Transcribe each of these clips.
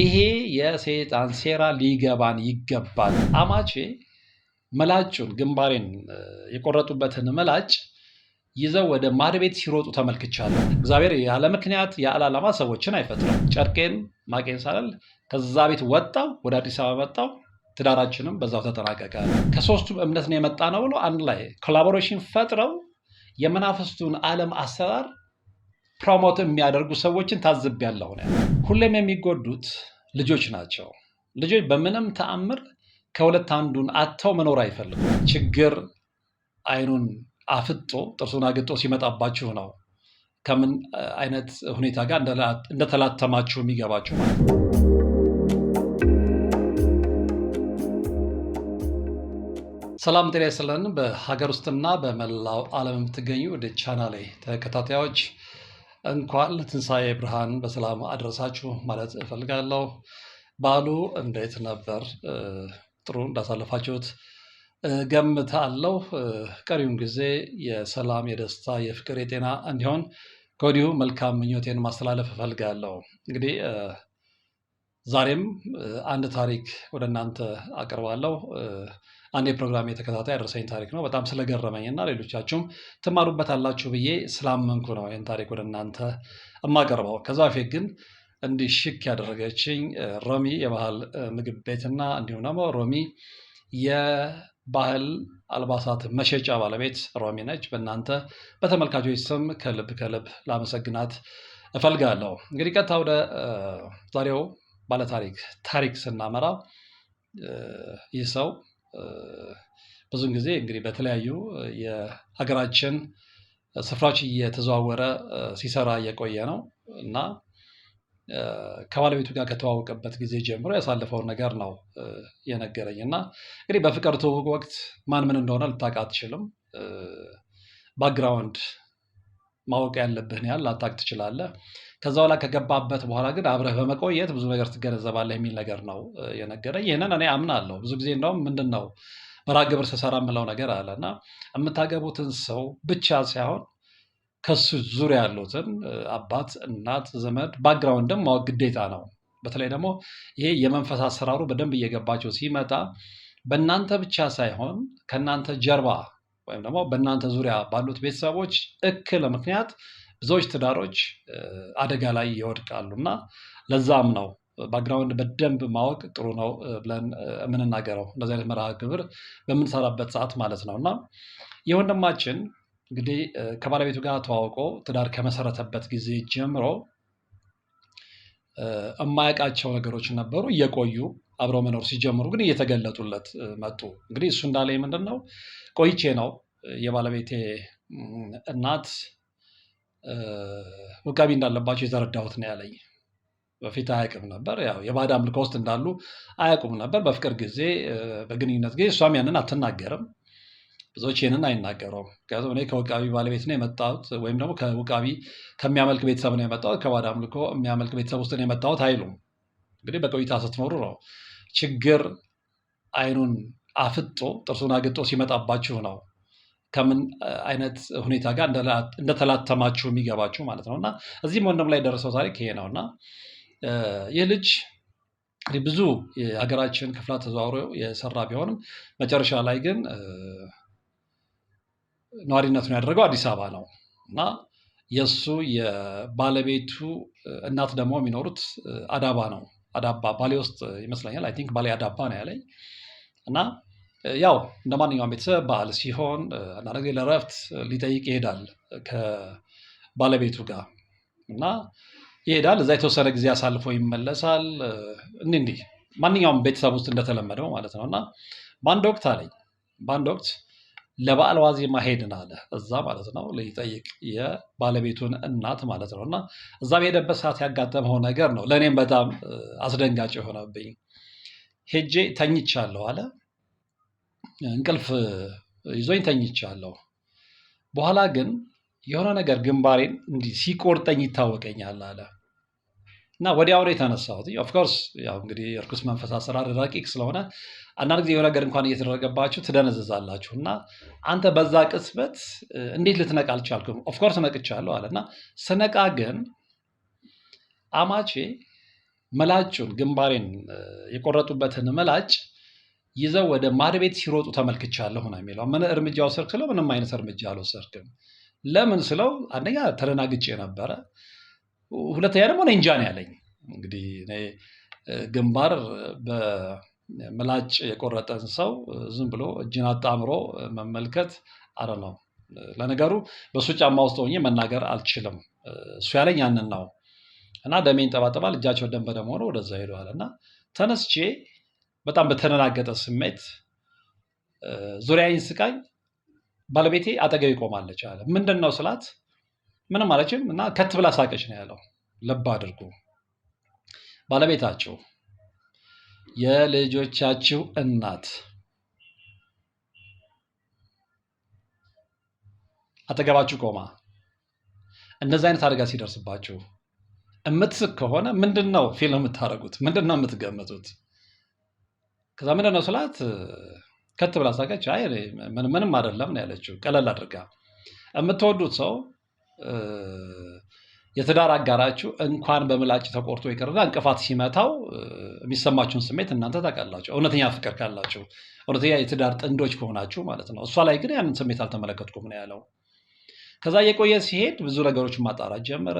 ይሄ የሴጣን ሴራ ሊገባን ይገባል። አማቼ መላጩን ግንባሬን የቆረጡበትን መላጭ ይዘው ወደ ማር ቤት ሲሮጡ ተመልክቻለሁ። እግዚአብሔር ያለ ምክንያት ያለ ዓላማ ሰዎችን አይፈጥርም። ጨርቄን ማቄን ሳለል ከዛ ቤት ወጣው ወደ አዲስ አበባ መጣው። ትዳራችንም በዛው ተጠናቀቀ። ከሶስቱም እምነት ነው የመጣ ነው ብሎ አንድ ላይ ኮላቦሬሽን ፈጥረው የመናፍስቱን ዓለም አሰራር ፕሮሞት የሚያደርጉ ሰዎችን ታዝቤያለሁ። ሁሌም የሚጎዱት ልጆች ናቸው። ልጆች በምንም ተአምር ከሁለት አንዱን አጥተው መኖር አይፈልጉም። ችግር አይኑን አፍጦ ጥርሱን አግጦ ሲመጣባችሁ ነው ከምን አይነት ሁኔታ ጋር እንደተላተማችሁ የሚገባችሁ ሰላም ጤና ይስጥልን። በሀገር ውስጥና በመላው ዓለም የምትገኙ ወደ ቻናሌ ተከታታዮች እንኳን ለትንሣኤ ብርሃን በሰላም አድረሳችሁ ማለት እፈልጋለሁ። በዓሉ እንዴት ነበር? ጥሩ እንዳሳለፋችሁት ገምታለሁ። ቀሪውን ጊዜ የሰላም፣ የደስታ፣ የፍቅር፣ የጤና እንዲሆን ከወዲሁ መልካም ምኞቴን ማስተላለፍ እፈልጋለሁ። እንግዲህ ዛሬም አንድ ታሪክ ወደ እናንተ አቀርባለሁ። አንድ የፕሮግራም የተከታታይ ያደረሰኝ ታሪክ ነው። በጣም ስለገረመኝ እና ሌሎቻችሁም ትማሩበታላችሁ ብዬ ስላመንኩ ነው ይህን ታሪክ ወደ እናንተ የማቀርበው። ከዛ በፊት ግን እንዲህ ሽክ ያደረገችኝ ሮሚ የባህል ምግብ ቤትና እንዲሁም ደግሞ ሮሚ የባህል አልባሳት መሸጫ ባለቤት ሮሚ ነች። በእናንተ በተመልካቾች ስም ከልብ ከልብ ላመሰግናት እፈልጋለሁ። እንግዲህ ቀጥታ ወደ ዛሬው ባለታሪክ ታሪክ ስናመራ ይህ ሰው ብዙን ጊዜ እንግዲህ በተለያዩ የሀገራችን ስፍራዎች እየተዘዋወረ ሲሰራ እየቆየ ነው እና ከባለቤቱ ጋር ከተዋወቀበት ጊዜ ጀምሮ ያሳለፈውን ነገር ነው የነገረኝ። እና እንግዲህ በፍቅር ትውውቅ ወቅት ማን ምን እንደሆነ ልታውቅ አትችልም። ባክግራውንድ ማወቅ ያለብህን ያህል ላታውቅ ትችላለህ። ከዛው ላይ ከገባበት በኋላ ግን አብረህ በመቆየት ብዙ ነገር ትገነዘባለህ የሚል ነገር ነው የነገረኝ። ይህንን እኔ አምናለሁ። ብዙ ጊዜ እንደውም ምንድን ነው መርሃ ግብር ስሰራ የምለው ነገር አለ እና የምታገቡትን ሰው ብቻ ሳይሆን ከሱ ዙሪያ ያሉትን አባት፣ እናት፣ ዘመድ ባክግራውንድም ማወቅ ግዴታ ነው። በተለይ ደግሞ ይሄ የመንፈስ አሰራሩ በደንብ እየገባቸው ሲመጣ በእናንተ ብቻ ሳይሆን ከእናንተ ጀርባ ወይም ደግሞ በእናንተ ዙሪያ ባሉት ቤተሰቦች እክል ምክንያት ብዙዎች ትዳሮች አደጋ ላይ ይወድቃሉ እና ለዛም ነው ባክግራውንድ በደንብ ማወቅ ጥሩ ነው ብለን የምንናገረው እንደዚህ አይነት መርሃ ግብር በምንሰራበት ሰዓት ማለት ነው እና የወንድማችን እንግዲህ ከባለቤቱ ጋር ተዋውቆ ትዳር ከመሰረተበት ጊዜ ጀምሮ የማያውቃቸው ነገሮች ነበሩ። እየቆዩ አብረው መኖር ሲጀምሩ ግን እየተገለጡለት መጡ። እንግዲህ እሱ እንዳለ ምንድን ነው ቆይቼ ነው የባለቤቴ እናት ውቃቢ እንዳለባቸው የተረዳሁት ነው ያለኝ። በፊት አያውቅም ነበር። ያው የባዕድ አምልኮ ውስጥ እንዳሉ አያውቁም ነበር። በፍቅር ጊዜ፣ በግንኙነት ጊዜ እሷም ያንን አትናገርም። ብዙዎች ይህንን አይናገረውም። ምክንያቱም እኔ ከውቃቢ ባለቤት ነው የመጣሁት ወይም ደግሞ ከውቃቢ ከሚያመልክ ቤተሰብ ነው የመጣሁት፣ ከባዕድ አምልኮ የሚያመልክ ቤተሰብ ውስጥ ነው የመጣሁት አይሉም። እንግዲህ በቆይታ ስትኖሩ ነው ችግር አይኑን አፍጦ ጥርሱን አግጦ ሲመጣባችሁ ነው ከምን አይነት ሁኔታ ጋር እንደተላተማችሁ የሚገባችሁ ማለት ነው። እና እዚህም ወንድም ላይ የደረሰው ታሪክ ይሄ ነው እና ይህ ልጅ ብዙ የሀገራችን ክፍላት ተዘዋውሮ የሰራ ቢሆንም መጨረሻ ላይ ግን ነዋሪነቱን ያደረገው አዲስ አበባ ነው እና የእሱ የባለቤቱ እናት ደግሞ የሚኖሩት አዳባ ነው። አዳባ ባሌ ውስጥ ይመስለኛል። አይ ቲንክ ባሌ አዳባ ነው ያለኝ እና ያው እንደ ማንኛውም ቤተሰብ በዓል ሲሆን አንዳንድ ጊዜ ለረፍት ሊጠይቅ ይሄዳል ከባለቤቱ ጋር እና ይሄዳል። እዛ የተወሰነ ጊዜ አሳልፎ ይመለሳል። እንዲህ እንዲህ ማንኛውም ቤተሰብ ውስጥ እንደተለመደው ማለት ነው እና በአንድ ወቅት አለኝ በአንድ ወቅት ለበዓል ዋዜማ ሄድን አለ እዛ ማለት ነው ሊጠይቅ የባለቤቱን እናት ማለት ነው እና እዛ በሄደበት ሰዓት ያጋጠመው ነገር ነው ለእኔም በጣም አስደንጋጭ የሆነብኝ ሄጄ ተኝቻለሁ አለ እንቅልፍ ይዞኝ ተኝቻለሁ። በኋላ ግን የሆነ ነገር ግንባሬን እንዲህ ሲቆርጠኝ ይታወቀኛል አለ እና ወዲያው ነው የተነሳሁት። ኦፍኮርስ ያው እንግዲህ እርኩስ መንፈስ አሰራር ረቂቅ ስለሆነ አንዳንድ ጊዜ የሆነ ነገር እንኳን እየተደረገባችሁ ትደነዘዛላችሁ። እና አንተ በዛ ቅጽበት እንዴት ልትነቃ አልቻልኩም? ኦፍኮርስ ነቅቻለሁ አለ እና ስነቃ ግን አማቼ መላጩን ግንባሬን የቆረጡበትን መላጭ ይዘው ወደ ማር ቤት ሲሮጡ ተመልክቻለሁ ነው የሚለው። ምን እርምጃ ወሰድክ ስለው ምንም አይነት እርምጃ አልወሰድክም። ለምን ስለው አንደኛ ተደናግጬ ነበረ፣ ሁለተኛ ደግሞ እኔ እንጃ ነው ያለኝ። እንግዲህ እኔ ግንባር በምላጭ የቆረጠን ሰው ዝም ብሎ እጅን አጣምሮ መመልከት አረ ነው። ለነገሩ በእሱ ጫማ ውስጥ ሆኜ መናገር አልችልም። እሱ ያለኝ ያንን ነው እና ደሜ ይንጠባጠባል። እጃቸው ደም ወደዛ ሄደዋል እና ተነስቼ በጣም በተደናገጠ ስሜት ዙሪያዬን ስቃይ ባለቤቴ አጠገብ ይቆማለች አለ። ምንድን ነው ስላት ምንም አለችም እና ከት ብላ ሳቀች ነው ያለው። ልብ አድርጉ ባለቤታችሁ የልጆቻችሁ እናት አጠገባችሁ ቆማ እንደዚህ አይነት አደጋ ሲደርስባችሁ እምትስቅ ከሆነ ምንድን ነው ፊልም የምታደርጉት? ምንድን ነው የምትገምቱት? ከዛ ምንድን ነው ስላት ከት ብላ ሳቀች። አይ ምንም አይደለም ነው ያለችው፣ ቀለል አድርጋ። የምትወዱት ሰው የትዳር አጋራችሁ እንኳን በምላጭ ተቆርጦ ይቅርና እንቅፋት ሲመታው የሚሰማችሁን ስሜት እናንተ ታውቃላችሁ፣ እውነተኛ ፍቅር ካላችሁ፣ እውነተኛ የትዳር ጥንዶች ከሆናችሁ ማለት ነው። እሷ ላይ ግን ያንን ስሜት አልተመለከትኩም ነው ያለው። ከዛ የቆየ ሲሄድ ብዙ ነገሮች ማጣራት ጀመረ።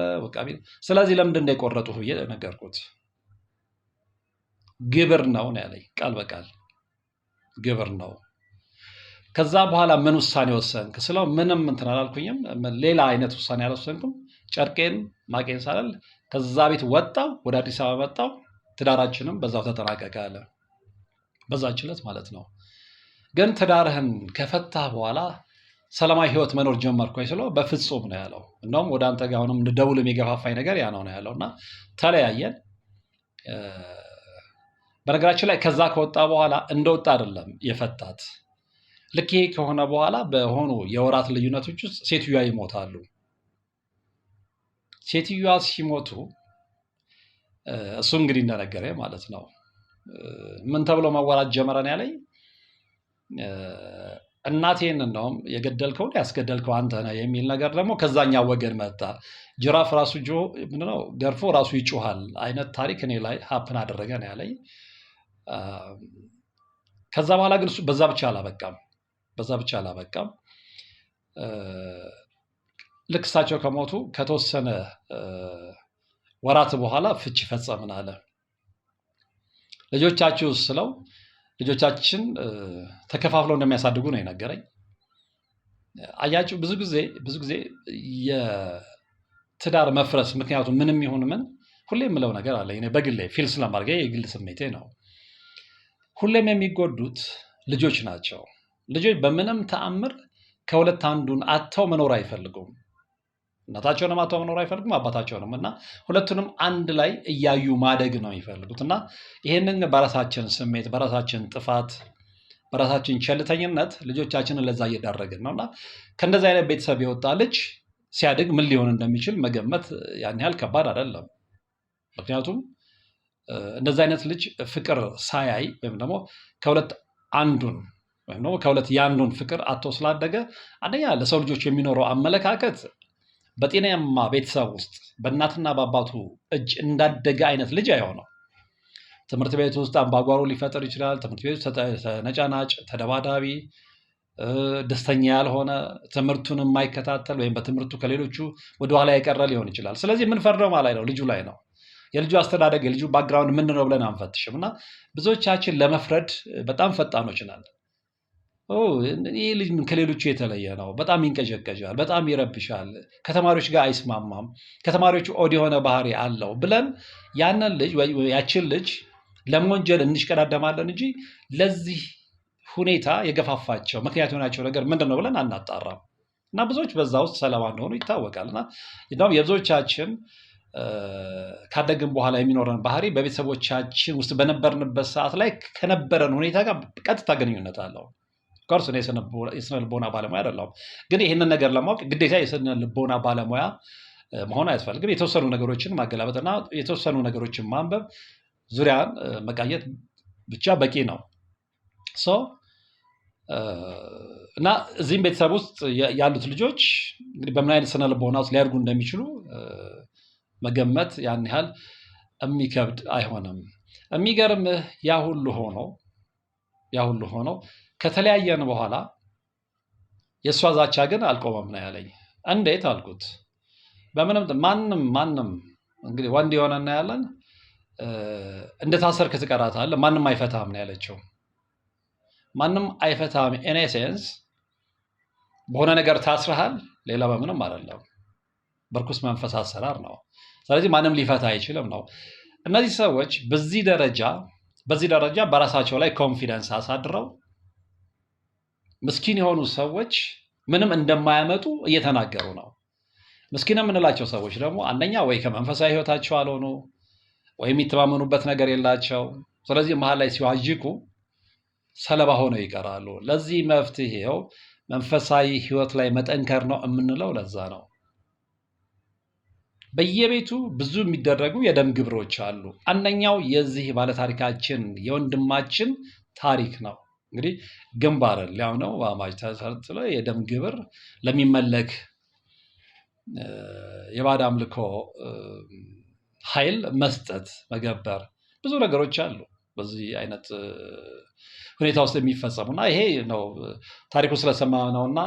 ስለዚህ ለምንድን ነው የቆረጡ ብዬ ነገርኩት። ግብር ነው ነው ያለኝ ቃል በቃል ግብር ነው። ከዛ በኋላ ምን ውሳኔ ወሰንክ ስለው ምንም እንትን አላልኩኝም። ሌላ አይነት ውሳኔ አልወሰንኩም። ጨርቄን ማቄን ሳለል ከዛ ቤት ወጣው፣ ወደ አዲስ አበባ መጣው። ትዳራችንም በዛው ተጠናቀቀ አለ። በዛች ዕለት ማለት ነው። ግን ትዳርህን ከፈታህ በኋላ ሰላማዊ ህይወት መኖር ጀመርኩ ወይ ስለው በፍጹም ነው ያለው። እንደውም ወደ አንተ ጋር አሁንም ደውል የሚገፋፋኝ ነገር ያ ነው ነው ያለው እና ተለያየን። በነገራችን ላይ ከዛ ከወጣ በኋላ እንደወጣ አይደለም የፈታት። ልክ ይሄ ከሆነ በኋላ በሆኑ የወራት ልዩነቶች ውስጥ ሴትዮዋ ይሞታሉ። ሴትዮዋ ሲሞቱ እሱ እንግዲህ እንደነገረ ማለት ነው ምን ተብሎ መወራት ጀመረን ያለኝ እናቴን እንደውም የገደልከው ያስገደልከው አንተ ነህ የሚል ነገር ደግሞ ከዛኛ ወገን መጣ። ጅራፍ ራሱ ምንድን ነው ገርፎ ራሱ ይጮሃል አይነት ታሪክ እኔ ላይ ሀፕን አደረገ ነው ያለኝ። ከዛ በኋላ ግን በዛ ብቻ አላበቃም። በዛ ብቻ አላበቃም። ልክ እሳቸው ከሞቱ ከተወሰነ ወራት በኋላ ፍች ፈጸምን አለ። ልጆቻችሁ ስለው ልጆቻችን ተከፋፍለው እንደሚያሳድጉ ነው የነገረኝ። አያችሁ ብዙ ጊዜ ብዙ ጊዜ የትዳር መፍረስ ምክንያቱ ምንም ይሁን ምን ሁሌ የምለው ነገር አለ። እኔ በግሌ ፊል ስለማድርገ የግል ስሜቴ ነው። ሁሌም የሚጎዱት ልጆች ናቸው። ልጆች በምንም ተአምር ከሁለት አንዱን አጥተው መኖር አይፈልጉም። እናታቸውንም አጥተው መኖር አይፈልጉም፣ አባታቸውንም እና ሁለቱንም አንድ ላይ እያዩ ማደግ ነው የሚፈልጉት እና ይህንን በራሳችን ስሜት፣ በራሳችን ጥፋት፣ በራሳችን ቸልተኝነት ልጆቻችንን ለዛ እየዳረግን ነው እና ከእንደዚህ አይነት ቤተሰብ የወጣ ልጅ ሲያድግ ምን ሊሆን እንደሚችል መገመት ያን ያህል ከባድ አይደለም። ምክንያቱም እንደዚ አይነት ልጅ ፍቅር ሳያይ ወይም ደግሞ ከሁለት አንዱን ወይም ደግሞ ከሁለት የአንዱን ፍቅር አቶ ስላደገ አንደኛ ለሰው ልጆች የሚኖረው አመለካከት በጤናማ ቤተሰብ ውስጥ በእናትና በአባቱ እጅ እንዳደገ አይነት ልጅ አይሆነው። ትምህርት ቤት ውስጥ አምባጓሮ ሊፈጠር ይችላል። ትምህርት ቤት ውስጥ ተነጫናጭ፣ ተደባዳቢ፣ ደስተኛ ያልሆነ ትምህርቱን የማይከታተል ወይም በትምህርቱ ከሌሎቹ ወደኋላ የቀረ ሊሆን ይችላል። ስለዚህ የምንፈርደው ማለት ነው ልጁ ላይ ነው። የልጁ አስተዳደግ የልጁ ባክግራውንድ ምንድን ነው ብለን አንፈትሽም እና ብዙዎቻችን ለመፍረድ በጣም ፈጣኖች ናል። ይህ ልጅ ከሌሎቹ የተለየ ነው፣ በጣም ይንቀዠቀዣል፣ በጣም ይረብሻል፣ ከተማሪዎች ጋር አይስማማም፣ ከተማሪዎቹ ኦድ የሆነ ባህሪ አለው ብለን ያንን ልጅ ያችን ልጅ ለመወንጀል እንሽቀዳደማለን እንጂ ለዚህ ሁኔታ የገፋፋቸው ምክንያት የሆናቸው ነገር ምንድን ነው ብለን አናጣራም እና ብዙዎች በዛ ውስጥ ሰለባ እንደሆኑ ይታወቃል እና የብዙዎቻችን ካደግን በኋላ የሚኖረን ባህሪ በቤተሰቦቻችን ውስጥ በነበርንበት ሰዓት ላይ ከነበረን ሁኔታ ጋር ቀጥታ ግንኙነት አለው። ኮርስ እኔ የስነ ልቦና ባለሙያ አይደለሁም፣ ግን ይህንን ነገር ለማወቅ ግዴታ የስነ ልቦና ባለሙያ መሆን አያስፈልግም። የተወሰኑ ነገሮችን ማገላበጥና የተወሰኑ ነገሮችን ማንበብ ዙሪያን መቃኘት ብቻ በቂ ነው። እና እዚህም ቤተሰብ ውስጥ ያሉት ልጆች እንግዲህ በምን አይነት ስነ ልቦና ውስጥ ሊያድጉ እንደሚችሉ መገመት ያን ያህል የሚከብድ አይሆንም። የሚገርምህ ያ ሁሉ ሆኖ ያ ሁሉ ሆኖ ከተለያየን በኋላ የእሷ ዛቻ ግን አልቆመም ነው ያለኝ። እንዴት አልኩት። በምንም ማንም ማንም እንግዲህ ወንድ የሆነ እናያለን እንደ ታሰርክ ትቀራታለህ፣ ማንም አይፈታም ነው ያለችው። ማንም አይፈታም ኤኔሴንስ በሆነ ነገር ታስረሃል፣ ሌላ በምንም አይደለም። በርኩስ መንፈስ አሰራር ነው። ስለዚህ ማንም ሊፈታ አይችልም ነው። እነዚህ ሰዎች በዚህ ደረጃ በዚህ ደረጃ በራሳቸው ላይ ኮንፊደንስ አሳድረው ምስኪን የሆኑ ሰዎች ምንም እንደማያመጡ እየተናገሩ ነው። ምስኪን የምንላቸው ሰዎች ደግሞ አንደኛ ወይ ከመንፈሳዊ ሕይወታቸው አልሆኑ ወይ የሚተማመኑበት ነገር የላቸው። ስለዚህ መሀል ላይ ሲዋዥቁ ሰለባ ሆነው ይቀራሉ። ለዚህ መፍትሄው መንፈሳዊ ሕይወት ላይ መጠንከር ነው የምንለው ለዛ ነው። በየቤቱ ብዙ የሚደረጉ የደም ግብሮች አሉ። አንደኛው የዚህ ባለታሪካችን የወንድማችን ታሪክ ነው። እንግዲህ ግንባር ሊያው ነው በአማጅ ተሰርጥሎ የደም ግብር ለሚመለክ የባዕድ አምልኮ ኃይል መስጠት መገበር ብዙ ነገሮች አሉ። በዚህ አይነት ሁኔታ ውስጥ የሚፈጸሙ እና ይሄ ነው ታሪኩ ስለሰማ ነው እና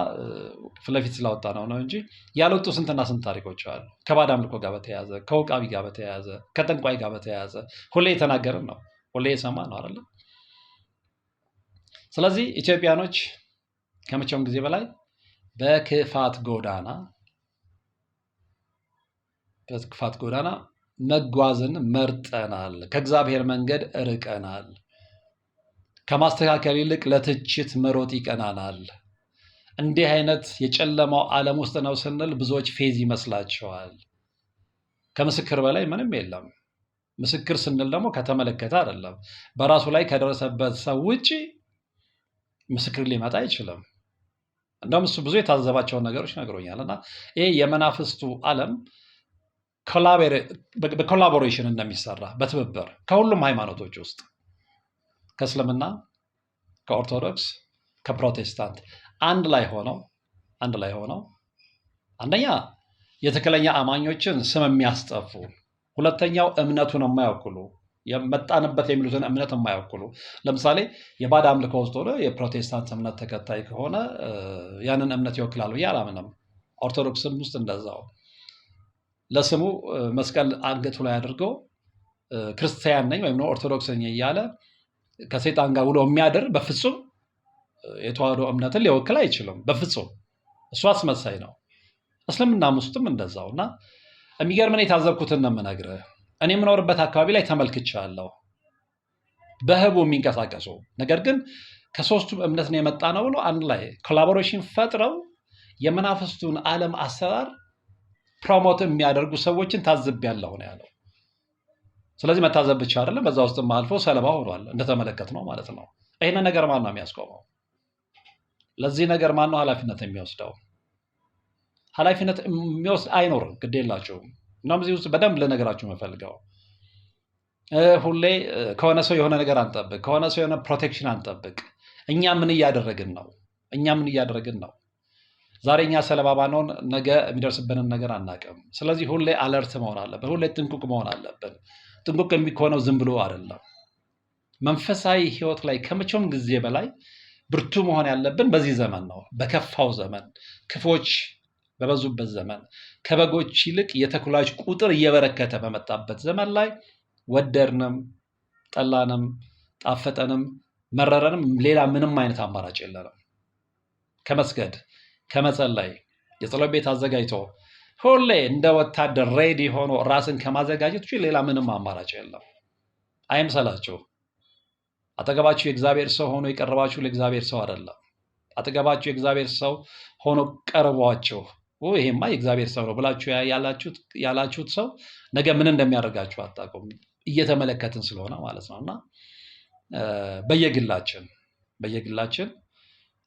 ፍለፊት ስላወጣ ነው ነው እንጂ ያልወጡ ስንትና ስንት ታሪኮች አሉ። ከባዕድ አምልኮ ጋር በተያያዘ ከውቃቢ ጋር በተያያዘ ከጠንቋይ ጋር በተያያዘ ሁሌ የተናገርን ነው፣ ሁሌ የሰማ ነው አይደለ? ስለዚህ ኢትዮጵያኖች ከመቼውም ጊዜ በላይ በክፋት ጎዳና በክፋት ጎዳና መጓዝን መርጠናል። ከእግዚአብሔር መንገድ ርቀናል። ከማስተካከል ይልቅ ለትችት መሮጥ ይቀናናል። እንዲህ አይነት የጨለማው ዓለም ውስጥ ነው ስንል ብዙዎች ፌዝ ይመስላቸዋል። ከምስክር በላይ ምንም የለም። ምስክር ስንል ደግሞ ከተመለከተ አይደለም፣ በራሱ ላይ ከደረሰበት ሰው ውጭ ምስክር ሊመጣ አይችልም። እንደውም እሱ ብዙ የታዘባቸውን ነገሮች ነግሮኛል እና ይሄ የመናፍስቱ ዓለም በኮላቦሬሽን እንደሚሰራ በትብብር ከሁሉም ሃይማኖቶች ውስጥ ከእስልምና፣ ከኦርቶዶክስ፣ ከፕሮቴስታንት አንድ ላይ ሆነው አንድ ላይ ሆነው አንደኛ የትክክለኛ አማኞችን ስም የሚያስጠፉ፣ ሁለተኛው እምነቱን የማያውክሉ የመጣንበት የሚሉትን እምነት የማያውክሉ ለምሳሌ የባድ አምልኮ ውስጥ ሆነ የፕሮቴስታንት እምነት ተከታይ ከሆነ ያንን እምነት ይወክላሉ ብዬ አላምንም። ኦርቶዶክስም ውስጥ እንደዛው ለስሙ መስቀል አንገቱ ላይ አድርገው ክርስቲያን ነኝ ወይም ኦርቶዶክስ ነኝ እያለ ከሴጣን ጋር ውሎ የሚያድር በፍጹም የተዋህዶ እምነትን ሊወክል አይችልም። በፍጹም እሱ አስመሳይ ነው። እስልምናም ውስጥም እንደዛው እና የሚገርምን የታዘብኩትን ነው የምነግርህ። እኔ የምኖርበት አካባቢ ላይ ተመልክቻለሁ። በህቡ የሚንቀሳቀሱ ነገር ግን ከሶስቱም እምነት ነው የመጣ ነው ብሎ አንድ ላይ ኮላቦሬሽን ፈጥረው የመናፍስቱን ዓለም አሰራር ፕሮሞት የሚያደርጉ ሰዎችን ታዝቤያለሁ ነው ያለው። ስለዚህ መታዘብ ብቻ አይደለም፣ በዛ ውስጥም አልፎ ሰለባ ሆኗል እንደተመለከት ነው ማለት ነው። ይህን ነገር ማን ነው የሚያስቆመው? ለዚህ ነገር ማን ነው ኃላፊነት የሚወስደው? ኃላፊነት የሚወስድ አይኖርም። ግድ የላቸውም። እናም እዚህ ውስጥ በደንብ ልነገራችሁ የምፈልገው ሁሌ ከሆነ ሰው የሆነ ነገር አንጠብቅ፣ ከሆነ ሰው የሆነ ፕሮቴክሽን አንጠብቅ። እኛ ምን እያደረግን ነው? እኛ ምን እያደረግን ነው? ዛሬ እኛ ሰለባባ ነገ የሚደርስብንን ነገር አናውቅም። ስለዚህ ሁሌ አለርት መሆን አለብን፣ ሁሌ ጥንቁቅ መሆን አለብን። ጥንቁቅ የሚሆነው ዝም ብሎ አይደለም። መንፈሳዊ ህይወት ላይ ከመቼውም ጊዜ በላይ ብርቱ መሆን ያለብን በዚህ ዘመን ነው። በከፋው ዘመን፣ ክፎች በበዙበት ዘመን፣ ከበጎች ይልቅ የተኩላዎች ቁጥር እየበረከተ በመጣበት ዘመን ላይ ወደድንም ጠላንም ጣፈጠንም መረረንም ሌላ ምንም አይነት አማራጭ የለንም ከመስገድ ከመጸለይ የጸሎት ቤት አዘጋጅቶ ሁሌ እንደ ወታደር ሬዲ ሆኖ ራስን ከማዘጋጀት ውጪ ሌላ ምንም አማራጭ የለም። አይምሰላችሁ። አጠገባችሁ የእግዚአብሔር ሰው ሆኖ የቀረባችሁ ለእግዚአብሔር ሰው አይደለም። አጠገባችሁ የእግዚአብሔር ሰው ሆኖ ቀርቧችሁ ይሄማ የእግዚአብሔር ሰው ነው ብላችሁ ያላችሁት ሰው ነገ ምን እንደሚያደርጋችሁ አታውቁም። እየተመለከትን ስለሆነ ማለት ነው እና በየግላችን በየግላችን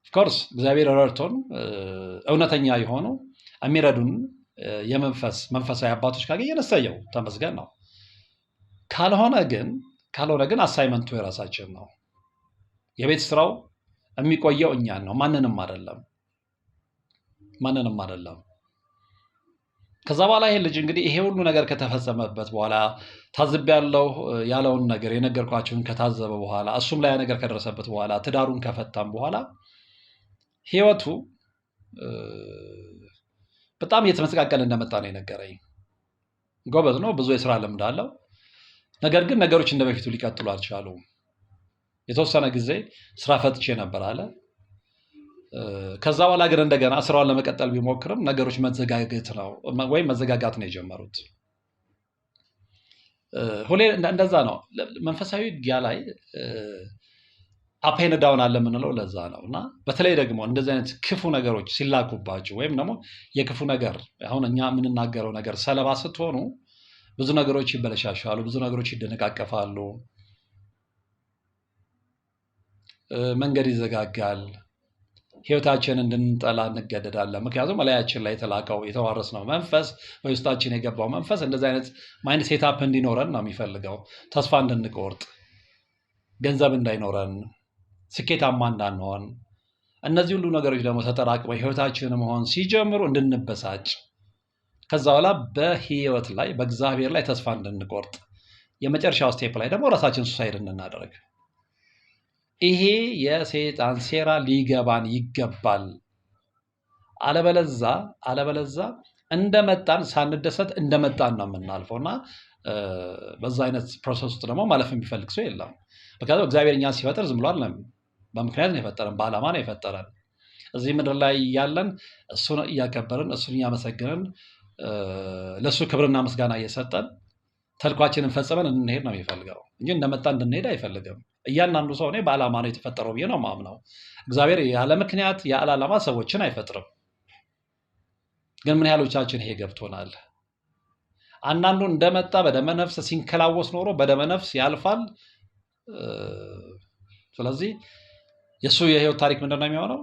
ኦፍኮርስ እግዚአብሔር ረድቶን እውነተኛ የሆኑ የሚረዱን የመንፈስ መንፈሳዊ አባቶች ካገኘን እሰየው ተመስገን ነው። ካልሆነ ግን ካልሆነ ግን አሳይመንቱ የራሳችን ነው። የቤት ስራው የሚቆየው እኛን ነው፣ ማንንም አይደለም፣ ማንንም አይደለም። ከዛ በኋላ ይሄ ልጅ እንግዲህ ይሄ ሁሉ ነገር ከተፈጸመበት በኋላ ታዝብ ያለው ያለውን ነገር የነገርኳችሁን ከታዘበ በኋላ እሱም ላይ ነገር ከደረሰበት በኋላ ትዳሩን ከፈታም በኋላ ህይወቱ በጣም እየተመሰቃቀለ እንደመጣ ነው የነገረኝ። ጎበዝ ነው፣ ብዙ የስራ ልምድ አለው። ነገር ግን ነገሮች እንደበፊቱ ሊቀጥሉ አልቻሉም። የተወሰነ ጊዜ ስራ ፈጥቼ ነበር አለ። ከዛ በኋላ ግን እንደገና ስራውን ለመቀጠል ቢሞክርም ነገሮች መዘጋገት ነው ወይም መዘጋጋት ነው የጀመሩት። ሁሌ እንደዛ ነው። መንፈሳዊ ውጊያ ላይ አፔን ዳውን አለ የምንለው ለዛ ነው። እና በተለይ ደግሞ እንደዚህ አይነት ክፉ ነገሮች ሲላኩባችሁ ወይም ደግሞ የክፉ ነገር አሁን እኛ የምንናገረው ነገር ሰለባ ስትሆኑ ብዙ ነገሮች ይበለሻሻሉ፣ ብዙ ነገሮች ይደነቃቀፋሉ፣ መንገድ ይዘጋጋል፣ ህይወታችንን እንድንጠላ እንገደዳለን። ምክንያቱም ላያችን ላይ የተላቀው የተዋረስነው መንፈስ በውስጣችን የገባው መንፈስ እንደዚህ አይነት ማይንድ ሴታፕ እንዲኖረን ነው የሚፈልገው። ተስፋ እንድንቆርጥ፣ ገንዘብ እንዳይኖረን ስኬታማ እንዳንሆን እነዚህ ሁሉ ነገሮች ደግሞ ተጠራቅመ ህይወታችን መሆን ሲጀምሩ እንድንበሳጭ ከዛ በኋላ በህይወት ላይ በእግዚአብሔር ላይ ተስፋ እንድንቆርጥ የመጨረሻው ስቴፕ ላይ ደግሞ ራሳችን ሱሳይድ እንድናደርግ ይሄ የሴጣን ሴራ ሊገባን ይገባል። አለበለዛ አለበለዛ እንደመጣን ሳንደሰት እንደመጣን ነው የምናልፈው እና በዛ አይነት ፕሮሰስ ውስጥ ደግሞ ማለፍ የሚፈልግ ሰው የለም። ምክንያቱም እግዚአብሔር እኛን ሲፈጥር ዝም ብሎ በምክንያት ነው የፈጠረን፣ በዓላማ ነው የፈጠረን። እዚህ ምድር ላይ ያለን እሱን እያከበርን እሱን እያመሰግንን ለእሱ ክብርና ምስጋና እየሰጠን ተልኳችንን ፈጽመን እንሄድ ነው የሚፈልገው እንጂ እንደመጣ እንድንሄድ አይፈልግም። እያንዳንዱ ሰው እኔ በዓላማ ነው የተፈጠረው ብዬ ነው ማምነው። እግዚአብሔር ያለ ምክንያት ያለ ዓላማ ሰዎችን አይፈጥርም። ግን ምን ያህሎቻችን ይሄ ገብቶናል? አንዳንዱ እንደመጣ በደመነፍስ ሲንከላወስ ኖሮ በደመነፍስ ያልፋል። ስለዚህ የእሱ የህይወት ታሪክ ምንድነው ነው የሚሆነው?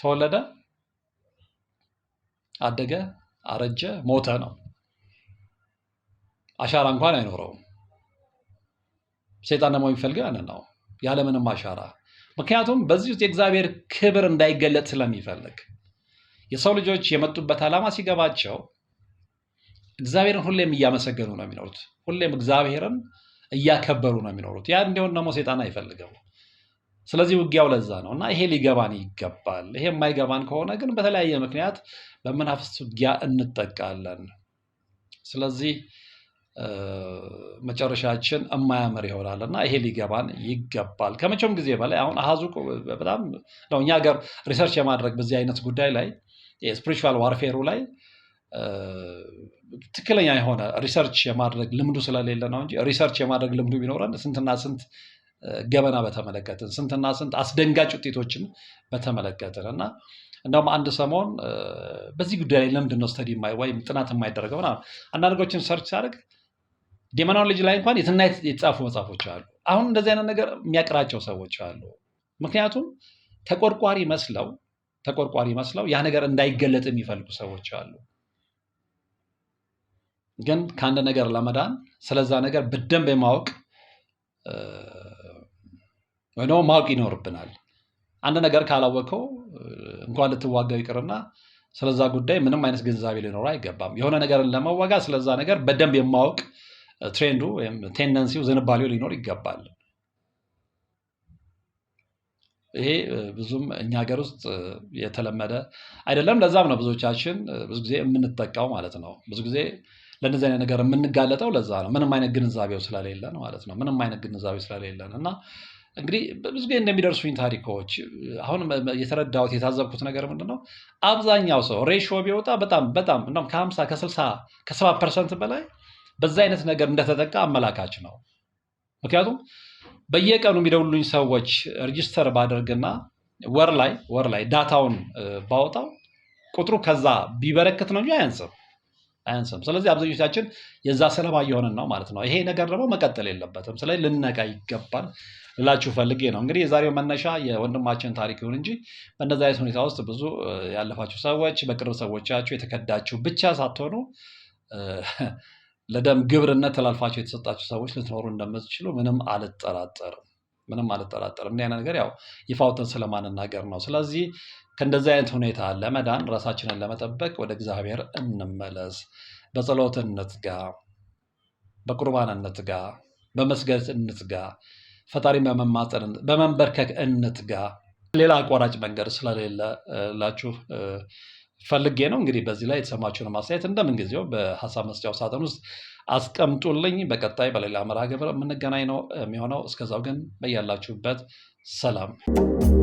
ተወለደ፣ አደገ፣ አረጀ፣ ሞተ ነው። አሻራ እንኳን አይኖረውም። ሴጣን ደግሞ የሚፈልገው ያንን ነው፣ ያለምንም አሻራ። ምክንያቱም በዚህ ውስጥ የእግዚአብሔር ክብር እንዳይገለጥ ስለሚፈልግ የሰው ልጆች የመጡበት ዓላማ ሲገባቸው እግዚአብሔርን ሁሌም እያመሰገኑ ነው የሚኖሩት። ሁሌም እግዚአብሔርን እያከበሩ ነው የሚኖሩት። ያ እንዲሆን ደግሞ ሴጣን አይፈልገው። ስለዚህ ውጊያው ለዛ ነው እና ይሄ ሊገባን ይገባል። ይሄ የማይገባን ከሆነ ግን በተለያየ ምክንያት በመናፍስት ውጊያ እንጠቃለን። ስለዚህ መጨረሻችን የማያምር ይሆናል እና ይሄ ሊገባን ይገባል። ከመቼውም ጊዜ በላይ አሁን አሃዙ በጣም ነው። እኛ ሀገር ሪሰርች የማድረግ በዚህ አይነት ጉዳይ ላይ ስፒሪቹዋል ዋርፌሩ ላይ ትክክለኛ የሆነ ሪሰርች የማድረግ ልምዱ ስለሌለ ነው እንጂ ሪሰርች የማድረግ ልምዱ ቢኖረን ስንትና ስንት ገበና በተመለከትን ስንትና ስንት አስደንጋጭ ውጤቶችን በተመለከትን እና እንደውም አንድ ሰሞን በዚህ ጉዳይ ላይ ለምንድን ነው ስተዲ ወይም ጥናት የማይደረገው? አንዳንዶችን ሰርች ሲያደርግ ዴሞኖሎጂ ላይ እንኳን የትና የተጻፉ መጽሐፎች አሉ። አሁን እንደዚህ አይነት ነገር የሚያቅራቸው ሰዎች አሉ። ምክንያቱም ተቆርቋሪ መስለው ተቆርቋሪ መስለው ያ ነገር እንዳይገለጥ የሚፈልጉ ሰዎች አሉ። ግን ከአንድ ነገር ለመዳን ስለዛ ነገር በደንብ የማወቅ ወይም ደግሞ ማወቅ ይኖርብናል። አንድ ነገር ካላወቀው እንኳን ልትዋጋው ይቅርና ስለዛ ጉዳይ ምንም አይነት ግንዛቤ ሊኖረው አይገባም። የሆነ ነገርን ለመዋጋ ስለዛ ነገር በደንብ የማወቅ ትሬንዱ ወይም ቴንደንሲው ዝንባሌው ሊኖር ይገባል። ይሄ ብዙም እኛ ሀገር ውስጥ የተለመደ አይደለም። ለዛም ነው ብዙዎቻችን ብዙ ጊዜ የምንጠቃው ማለት ነው። ብዙ ጊዜ ለእነዚህ አይነት ነገር የምንጋለጠው ለዛ ነው። ምንም አይነት ግንዛቤው ስለሌለን ማለት ነው። ምንም አይነት ግንዛቤ ስለሌለን እና እንግዲህ በብዙ ጊዜ እንደሚደርሱኝ ታሪኮች አሁን የተረዳሁት የታዘብኩት ነገር ምንድን ነው፣ አብዛኛው ሰው ሬሽዮ ቢወጣ በጣም በጣም እንደውም ከሀምሳ ከስልሳ ከሰባ ፐርሰንት በላይ በዛ አይነት ነገር እንደተጠቃ አመላካች ነው። ምክንያቱም በየቀኑ የሚደውሉኝ ሰዎች ሬጅስተር ባደርግና ወር ላይ ወር ላይ ዳታውን ባወጣው ቁጥሩ ከዛ ቢበረክት ነው እንጂ አያንስም አያንስም። ስለዚህ አብዛኞቻችን የዛ ሰለባ እየሆንን ነው ማለት ነው። ይሄ ነገር ደግሞ መቀጠል የለበትም። ስለዚህ ልነቃ ይገባል። ልላችሁ ፈልጌ ነው። እንግዲህ የዛሬው መነሻ የወንድማችን ታሪክ ይሁን እንጂ በእነዚ አይነት ሁኔታ ውስጥ ብዙ ያለፋችሁ ሰዎች፣ በቅርብ ሰዎቻችሁ የተከዳችሁ ብቻ ሳትሆኑ ለደም ግብርነት ተላልፋችሁ የተሰጣችሁ ሰዎች ልትኖሩ እንደምትችሉ ምንም አልጠራጠርም። ምንም አልጠራጠርም። እንዲህ አይነት ነገር ያው ይፋውትን ስለማንናገር ነው። ስለዚህ ከእንደዚህ አይነት ሁኔታ ለመዳን ራሳችንን ለመጠበቅ ወደ እግዚአብሔር እንመለስ። በጸሎት እንትጋ፣ በቁርባን እንትጋ፣ በመስገድ እንትጋ። ፈጣሪን በመማጠር በመንበርከክ እንትጋ። ሌላ አቋራጭ መንገድ ላችሁ ፈልጌ ነው። እንግዲህ በዚህ ላይ የተሰማችሁን ማስተያየት እንደምንጊዜው በሀሳብ መስጫው ሳጥን ውስጥ አስቀምጡልኝ። በቀጣይ በሌላ መርሃ ግብር የምንገናኝ ነው የሚሆነው። እስከዛው ግን በያላችሁበት ሰላም